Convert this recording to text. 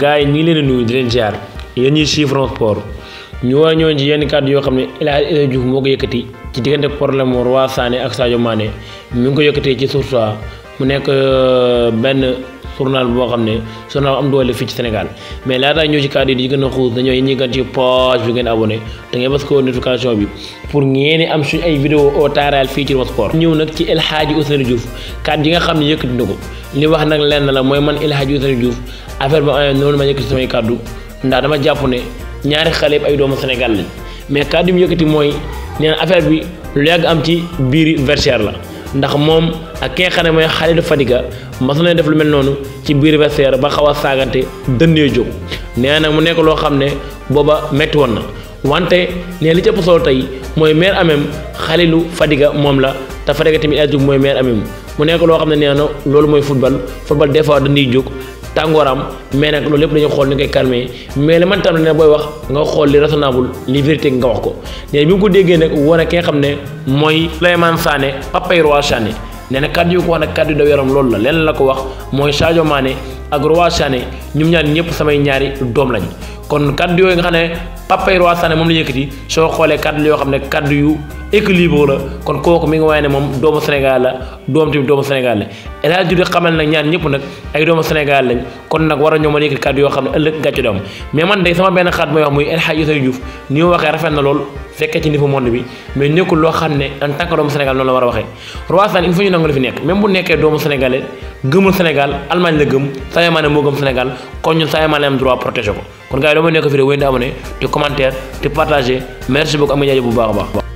gars yi ñu ngi leen di nuyu di leen ziar yéen ñuy ñu ci yenn kàddu yoo xam ne El Hadj Ousseynou Diouf moo ko yëkkati ci diggante problème mu Roi Sané ak Sadio Mané mi ngi ko yëkkatee ci Source A mu nekk euh, benn journal boo xam ne journal am doole fii ci Sénégal mais laata ñëw ci kàddu yi di gën a xuus dañoo yéen ñi gën ci page bi ngeen abonné da ngeen bës ko notification bi pour ngeen am suñ ay vidéo au taaral fii ci Roi Sport ñëw nag ci El Hadj Ousseynou Diouf kàddu yi nga xam ne yëkkati na ko li wax nag lenn mooy man El Hadj Ousseynou Diouf affaire bi en noonu ma yëkkati samay kàddu ndax dama jàpp ne ñaari xale yëpp ay doomu Sénégal lañ mais kàddu bi yëkkati mooy nee na affaire bi lu yàgg am ci biir Versailles la ndax moom ak ki nga ne mooy Khalilou Fadiga mas na def lu mel noonu ci biir Versailles ba xaw a saagante dënnee jóg nee na mu nekk loo xam ne booba métti na wante nee li cëpp tey mooy maire amem Khalilou Fadiga moom la te Fadiga tamit ay jóg mooy maire amem mu nekk loo xam ne nee na loolu mooy football football des fois dañuy jóg tàngooram mais nag loolu lépp dañuy xool ni koy calmer mais li man tam ne booy wax nga xool li raisonnable li nga wax ko léegi bi nga ko déggee nag wane ki nga xam ne mooy Souleymane Sané papay Roi Sané nee na kàddu yu ko wax nag kàddu yu daw yaram loolu la leneen la ko wax mooy Sadio Mané ak Roi Sané ñum ñaan ñëpp samay ñaari doom lañ kon kàddu yooyu nga xam ne Pape Roi Sané moom la yëkkati soo xoolee kaddu yoo xam ne kaddu yu équilibre la kon kooku mi ngi waaye ne moom doomu Sénégal la doom tamit doomu Sénégal la kon nag war a ñoo mën yoo xam ne ëllëg gàcce du am mais man day sama benn xaat mooy wax nekkul loo xam ne en tant doomu Sénégal noonu la war a waxee Roi il faut ñu nangu la fi nekk même bu nekkee doomu sénégalais gëmul Sénégal la gëm Sadio Mané moo gëm Sénégal kon ñun Sadio Mané am droit protéger ko kon gars yi doo ma nekk fi de wéy na amoon commentaire te partagé merci beaucoup am nga jaajëf bu baax a